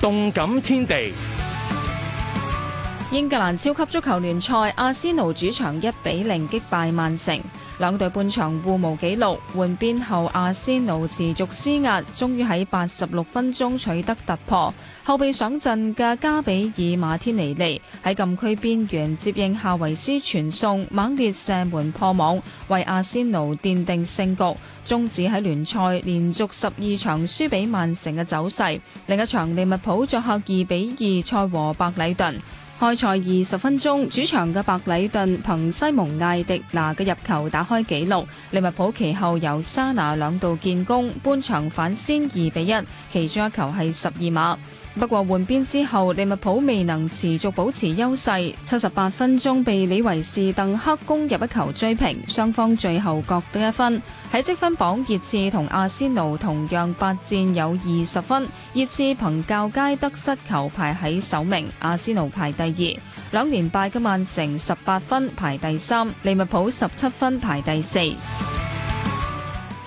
動感天地。英格蘭超級足球聯賽，阿仙奴主場一比零擊敗曼城，兩隊半場互無紀錄。換邊後，阿仙奴持續施壓，終於喺八十六分鐘取得突破。後備上陣嘅加比爾馬天尼利，喺禁區邊緣接應夏維斯傳送，猛烈射門破網，為阿仙奴奠定勝局，終止喺聯賽連續十二場輸俾曼城嘅走勢。另一場，利物浦作客二比二賽和白禮頓。開賽二十分鐘，主場嘅白禮頓憑西蒙艾迪拿嘅入球打開紀錄，利物浦其後由沙拿兩度建功，半場反先二比一，1, 其中一球係十二碼。不過換邊之後，利物浦未能持續保持優勢，七十八分鐘被李維士鄧克攻入一球追平，雙方最後各得一分。喺積分榜，熱刺同阿仙奴同樣八戰有二十分，熱刺憑較佳得失球排喺首名，阿仙奴排第二，兩連敗嘅曼城十八分排第三，利物浦十七分排第四。